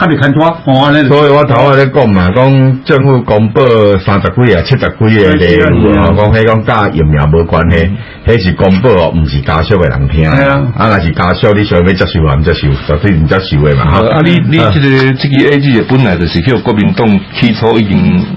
看啊、哦就是，所以我頭下在講嘛，講政府公布三十幾啊、七十幾個例數啊，講起講加疫苗無關係，起、嗯、是公布哦，唔是假消息能聽、哎、啊、啊。啊，那是假消息你想要接受，話唔接受就對唔接受誒嘛。啊，你你這個這個 A G 本來就是叫國民黨起初已經、嗯。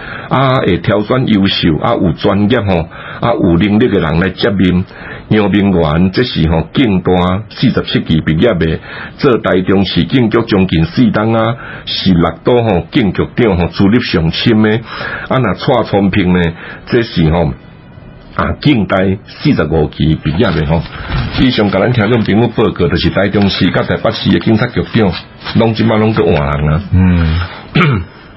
啊，會挑選優秀、啊有專業吼、啊有能力嘅人來接任。楊明元，這時吼，警、啊、大四十七期畢業嘅，做台中市警局長近四年啊，是六都吼警局長吼資歷上深嘅。啊，那蔡崇平呢，這時吼，啊，警大四十五期畢業嘅吼。以、啊、上甲咱聽眾朋友報告，就是台中市甲台北市嘅警察局長，攏即擺攏都換人啊。嗯。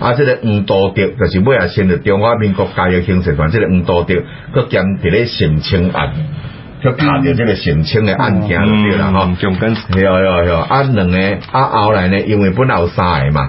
啊！即、這個黃道德就是尾日先到中華民國加入興盛團，即、這個黃道德佢兼啲啲性侵案，佢查掂即個性侵誒案件就對、是、啦，嚇。係是呢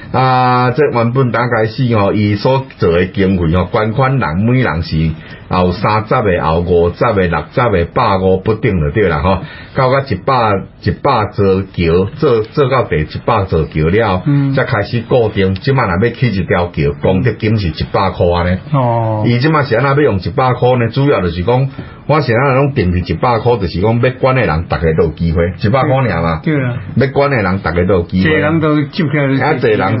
啊！即原本剛開始哦，伊所做嘅經費哦，捐款人每人是也有三十嘅也有五十嘅，六十嘅、百五不定就對啦吼、哦，到到一百一百座橋做做到第一百座橋了，嗯，才開始固定。即晚若要起一條橋，公積金是一百箍咧。哦，伊即晚是安怎要用一百箍咧，主要就是講我是安怎攏定義一百箍，就是講要捐嘅人，逐個都有機會，一百箍嚟嘛，對啦。要捐嘅人，逐個都有機會。啲、啊、人都招架，啱啲人。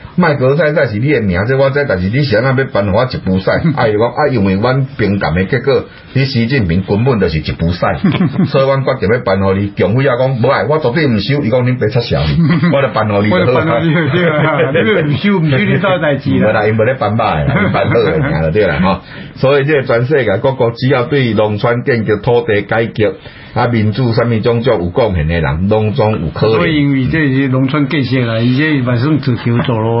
麥格賽賽是你的名，即我知是怎我，但是你是安怎，要頒予阮一步賽，哎，伊講啊，因為阮平淡的結果，你習近平根本就是一步賽， 所以阮決定要辦予你。楊輝啊，講，無好哎，我絕對毋收，伊講你別出聲，我就頒予你。我來頒予你， 你，對不對？你都唔收，唔收你做代志了啦。唔好啦，伊唔叻頒馬，哎，頒佬個名對啦，哈、哦。所以即全世界各國只要對農村建設、土地改革、啊民主、啥物種種有貢獻的人，攏總有可能。所以因為即農村建設啊，伊即咪算做叫做咯。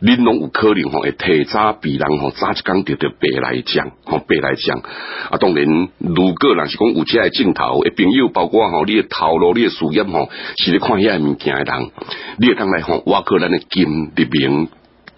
恁攏有可能吼，會提早比人吼早一工着着白來漿，吼白來漿。啊，當然，如果若是講有即個鏡頭，嘅朋友包括吼你嘅頭路、你嘅事業吼，是咧看遐物件嘅人，你會當來吼挖可咱嘅金立名。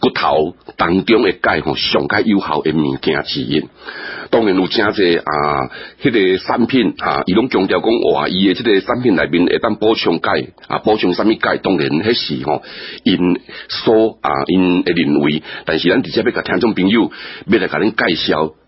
骨頭當中嘅鈣吼，上較有效嘅物件之一。當然有誠濟啊，迄、那個產品吓，伊攏強調講哇伊嘅即個產品內面會當補充鈣，啊補充啥物鈣，當然迄是吼因所啊，因會認為，但是咱直接要甲聽眾朋友，要來甲你介紹。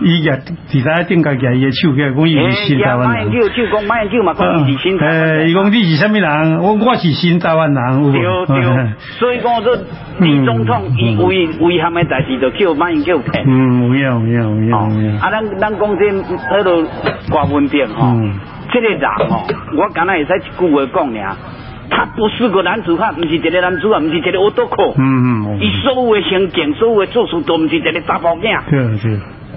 伊個其他點解個也超嘅，講伊是新台灣人。哎、欸、呀，馬英九，馬英九嘛講伊是新台灣。哎，伊講，你是什麼人？我我是新台灣人。哦、對對、嗯，所以講說，說李總統，伊、嗯、有遺憾嘅代志，嗯、他他他他就叫馬英九辦。嗯，有影有影有影有影。啊，咱咱講這迄個刮糞便吼，這個人吼、啊，我剛才會使一句話講爾，他不是個男子漢，唔是一個男子漢，唔是一個烏多殼。嗯嗯。伊所有嘅行徑、嗯，所有嘅做事，都唔是一個查甫囝。對、嗯、對。嗯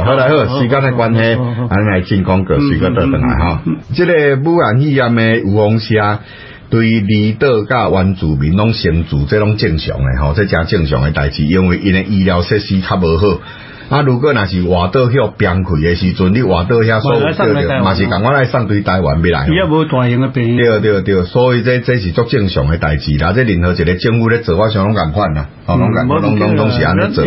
好啦好，好，好，時間的關係，我來進講隔水嗰倒等來。哈、嗯嗯嗯嗯嗯。即、喔這個武漢肺炎的烏龍事啊，對離島甲原住民攏先做，即種正常嘅，嗬、喔，即正正常嘅代志，因為因嘅醫療設施較無好。啊，如果若是外島去邊開嘅時陣，啲外島去收，對對，對，嘛是咁，我來送對台灣未來。而家冇傳染嘅病。對對對，所以即、這、即、個這個這個、是足正常嘅代志，嗱，即任何一個政府咧做，我想攏咁款啦，吼攏咁，攏攏攏是安尼做。